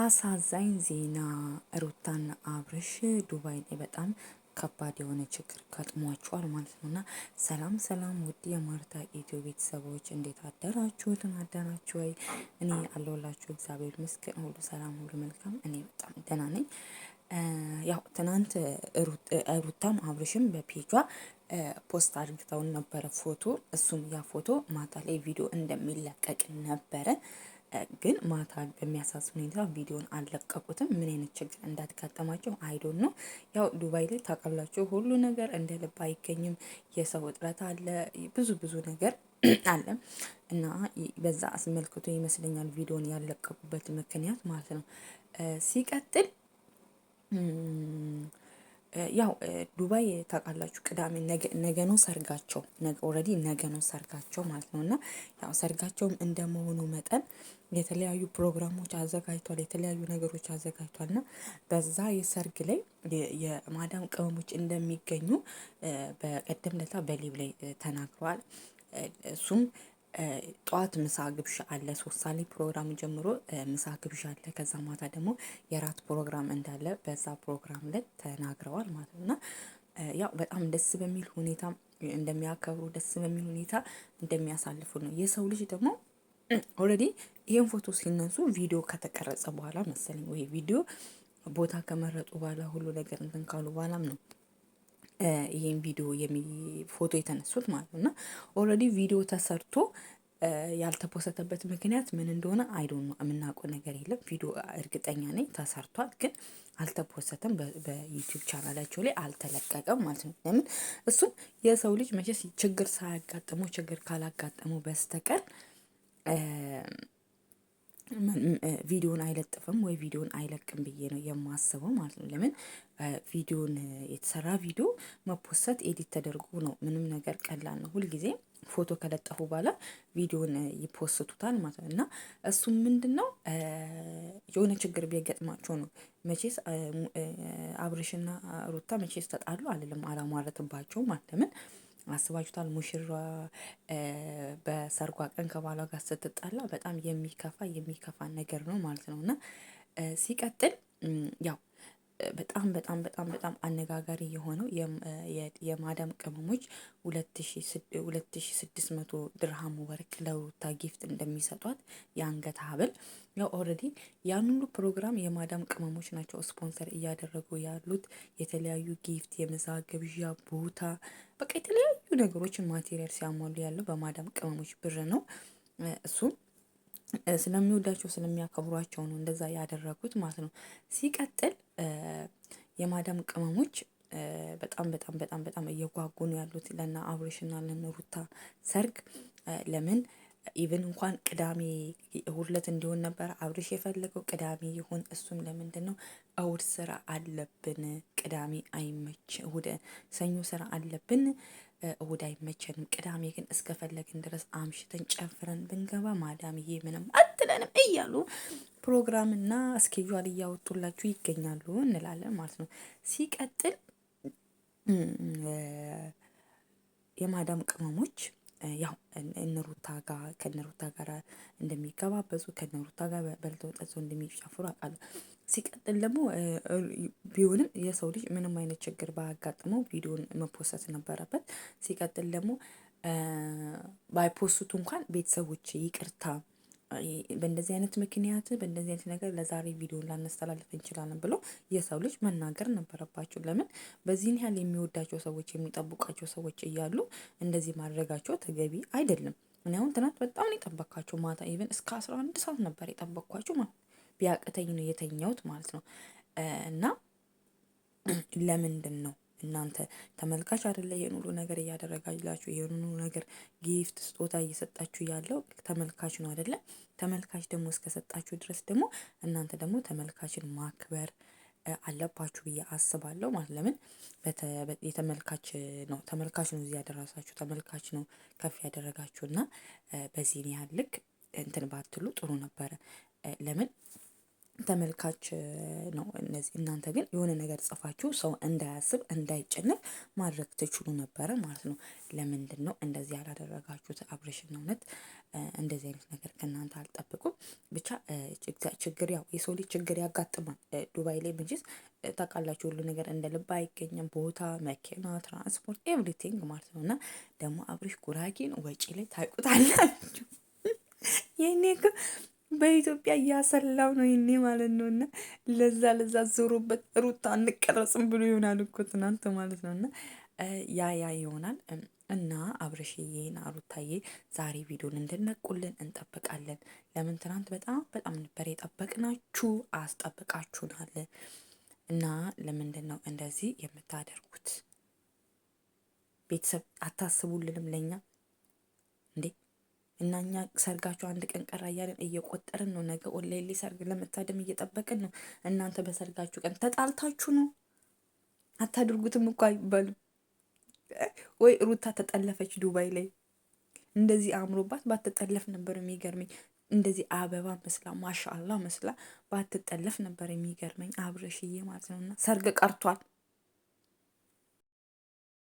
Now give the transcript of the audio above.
አሳዛኝ ዜና ሩታና አብርሽ ዱባይ ላይ በጣም ከባድ የሆነ ችግር ገጥሟቸዋል ማለት ነው። እና ሰላም ሰላም፣ ውድ የማርታ ኢትዮ ቤተሰቦች እንዴት አደራችሁ? ትን አደራችሁ ወይ? እኔ አለሁላችሁ። እግዚአብሔር ይመስገን፣ ሁሉ ሰላም፣ ሁሉ መልካም። እኔ በጣም ደህና ነኝ። ያው ትናንት ሩታም አብርሽም በፔጇ ፖስት አድርግተውን ነበረ ፎቶ። እሱም ያ ፎቶ ማታ ላይ ቪዲዮ እንደሚለቀቅ ነበረ ግን ማታ በሚያሳስ ሁኔታ ቪዲዮን አልለቀቁትም። ምን አይነት ችግር እንዳትጋጠማቸው አይዶን ነው። ያው ዱባይ ላይ ታቀብላቸው ሁሉ ነገር እንደ ልብ አይገኝም። የሰው እጥረት አለ፣ ብዙ ብዙ ነገር አለ እና በዛ አስመልክቶ ይመስለኛል ቪዲዮን ያለቀቁበት ምክንያት ማለት ነው። ሲቀጥል ያው ዱባይ ታውቃላችሁ ቅዳሜ ነገ ነው ሰርጋቸው፣ ኦልሬዲ ነገ ነው ሰርጋቸው ማለት ነው። እና ያው ሰርጋቸውም እንደመሆኑ መጠን የተለያዩ ፕሮግራሞች አዘጋጅቷል፣ የተለያዩ ነገሮች አዘጋጅቷል። እና በዛ የሰርግ ላይ የማዳም ቅመሞች እንደሚገኙ በቀደም ለታ በሊብ ላይ ተናግረዋል። እሱም ጠዋት ምሳ ግብዣ አለ ሶስት ሰዓት ላይ ፕሮግራም ጀምሮ ምሳ ግብዣ አለ። ከዛ ማታ ደግሞ የራት ፕሮግራም እንዳለ በዛ ፕሮግራም ላይ ተናግረዋል ማለት ነው። እና ያው በጣም ደስ በሚል ሁኔታ እንደሚያከብሩ ደስ በሚል ሁኔታ እንደሚያሳልፉ ነው። የሰው ልጅ ደግሞ ኦልሬዲ ይህን ፎቶ ሲነሱ ቪዲዮ ከተቀረጸ በኋላ መሰለኝ ወይ ቪዲዮ ቦታ ከመረጡ በኋላ ሁሉ ነገር እንትን ካሉ በኋላም ነው ይህን ቪዲዮ ፎቶ የተነሱት ማለት ነው እና ኦልሬዲ ቪዲዮ ተሰርቶ ያልተፖሰተበት ምክንያት ምን እንደሆነ አይዶን ነው የምናውቀው ነገር የለም። ቪዲዮ እርግጠኛ ነኝ ተሰርቷል፣ ግን አልተፖሰተም። በዩቲዩብ ቻናላቸው ላይ አልተለቀቀም ማለት ነው። ለምን እሱም የሰው ልጅ መቼስ ችግር ሳያጋጥመው ችግር ካላጋጠመው በስተቀር ቪዲዮን አይለጥፍም ወይ ቪዲዮን አይለቅም ብዬ ነው የማስበው ማለት ነው። ለምን ቪዲዮን የተሰራ ቪዲዮ መፖሰት ኤዲት ተደርጎ ነው። ምንም ነገር ቀላል ነው። ሁልጊዜ ፎቶ ከለጠፉ በኋላ ቪዲዮን ይፖስቱታል ማለት ነው። እና እሱም ምንድን ነው የሆነ ችግር ቢገጥማቸው ነው። መቼስ አብርሽና ሩታ መቼስ ተጣሉ አልልም፣ አላሟረትባቸውም አለምን አስባችሁታል? ሙሽራ በሰርጓ ቀን ከባሏ ጋር ስትጣላ በጣም የሚከፋ የሚከፋ ነገር ነው ማለት ነው እና ሲቀጥል ያው በጣም በጣም በጣም በጣም አነጋጋሪ የሆነው የማዳም ቅመሞች ሁለት ሺ ስድስት መቶ ድርሃም ወርቅ ለሩታ ጊፍት እንደሚሰጧት የአንገት ሀብል ያው ኦልሬዲ ያን ሁሉ ፕሮግራም የማዳም ቅመሞች ናቸው ስፖንሰር እያደረጉ ያሉት የተለያዩ ጊፍት፣ የምሳ ግብዣ ቦታ፣ በቃ የተለያዩ ነገሮችን ማቴሪያል ሲያሟሉ ያለው በማዳም ቅመሞች ብር ነው እሱም ስለሚወዳቸው ስለሚያከብሯቸው ነው እንደዛ ያደረጉት ማለት ነው። ሲቀጥል የማዳም ቅመሞች በጣም በጣም በጣም በጣም እየጓጉ ነው ያሉት ለነ አብርሽና ለነ ሩታ ሰርግ። ለምን ኢቨን እንኳን ቅዳሜ እሁድ ዕለት እንዲሆን ነበር አብርሽ የፈለገው ቅዳሜ ይሁን። እሱም ነው እሁድ ስራ አለብን ቅዳሜ አይመች እሁድ ሰኞ ስራ አለብን እሁድ አይመቸንም። ቅዳሜ ግን እስከፈለግን ድረስ አምሽተን ጨፍረን ብንገባ ማዳምዬ ምንም አትለንም እያሉ ፕሮግራምና እስኬጇል እያወጡላችሁ ይገኛሉ እንላለን ማለት ነው። ሲቀጥል የማዳም ቅመሞች ያው እነሩታ ጋር ከነሩታ ጋር እንደሚገባበዙ ከነሩታ ጋር በልተው ጠጥተው እንደሚጨፍሩ አውቃለሁ። ሲቀጥል ደግሞ ቢሆንም የሰው ልጅ ምንም አይነት ችግር ባያጋጥመው ቪዲዮን መፖሰት ነበረበት። ሲቀጥል ደግሞ ባይፖስቱ እንኳን ቤተሰቦች ይቅርታ በእንደዚህ አይነት ምክንያት በእንደዚህ አይነት ነገር ለዛሬ ቪዲዮ ላነስተላልፍ እንችላለን ብሎ የሰው ልጅ መናገር ነበረባቸው። ለምን በዚህን ያህል የሚወዳቸው ሰዎች የሚጠብቃቸው ሰዎች እያሉ እንደዚህ ማድረጋቸው ተገቢ አይደለም። እኔ አሁን ትናንት በጣም ነው የጠበቅኳቸው። ማታ ኢቨን እስከ አስራ አንድ ሰዓት ነበር የጠበቅኳቸው ማለት ቢያቅተኝ ነው የተኛሁት ማለት ነው እና ለምንድን ነው እናንተ ተመልካች አደለ? ይሄን ሁሉ ነገር እያደረጋላችሁ ይሄን ሁሉ ነገር ጊፍት ስጦታ እየሰጣችሁ ያለው ተመልካች ነው አደለ? ተመልካች ደግሞ እስከሰጣችሁ ድረስ ደግሞ እናንተ ደግሞ ተመልካችን ማክበር አለባችሁ ብዬ አስባለሁ። ማለት ለምን የተመልካች ነው ተመልካች ነው እዚህ ያደረሳችሁ ተመልካች ነው ከፍ ያደረጋችሁ እና በዚህን ያህል ልክ እንትን ባትሉ ጥሩ ነበረ። ለምን ተመልካች ነው። እነዚህ እናንተ ግን የሆነ ነገር ጽፋችሁ ሰው እንዳያስብ እንዳይጨነቅ ማድረግ ትችሉ ነበረ ማለት ነው። ለምንድን ነው እንደዚህ ያላደረጋችሁት? አብሬሽን እውነት እንደዚህ አይነት ነገር ከእናንተ አልጠብቁም። ብቻ ችግር ያው የሰው ልጅ ችግር ያጋጥማል። ዱባይ ላይ ብንችስ ታውቃላችሁ፣ ሁሉ ነገር እንደ ልብ አይገኝም። ቦታ፣ መኪና፣ ትራንስፖርት ኤቭሪቲንግ ማለት ነው። እና ደግሞ አብሬሽ ጉራጌን ወጪ ላይ ታውቁታላችሁ። ይህኔ በኢትዮጵያ እያሰላው ነው ይኔ ማለት ነው። እና ለዛ ለዛ ዞሮበት ሩታ አንቀረጽም ብሎ ይሆናል እኮ ትናንት ማለት ነው። እና ያ ያ ይሆናል እና አብረሽዬና ሩታዬ ዛሬ ቪዲዮን እንድነቁልን እንጠብቃለን። ለምን ትናንት በጣም በጣም ነበር የጠበቅናችሁ፣ አስጠብቃችሁናል። እና ለምንድን ነው እንደዚህ የምታደርጉት? ቤተሰብ አታስቡልንም ለእኛ እና እኛ ሰርጋችሁ አንድ ቀን ቀራ እያለን እየቆጠርን ነው። ነገ ኦንላይን ሰርግ ለመታደም እየጠበቅን ነው። እናንተ በሰርጋችሁ ቀን ተጣልታችሁ ነው። አታድርጉትም እኮ አይባልም ወይ? ሩታ ተጠለፈች ዱባይ ላይ እንደዚህ አእምሮባት ባትጠለፍ ነበር የሚገርመኝ። እንደዚህ አበባ መስላ ማሻአላ መስላ ባትጠለፍ ነበር የሚገርመኝ። አብረሽዬ ማለት ነው እና ሰርግ ቀርቷል።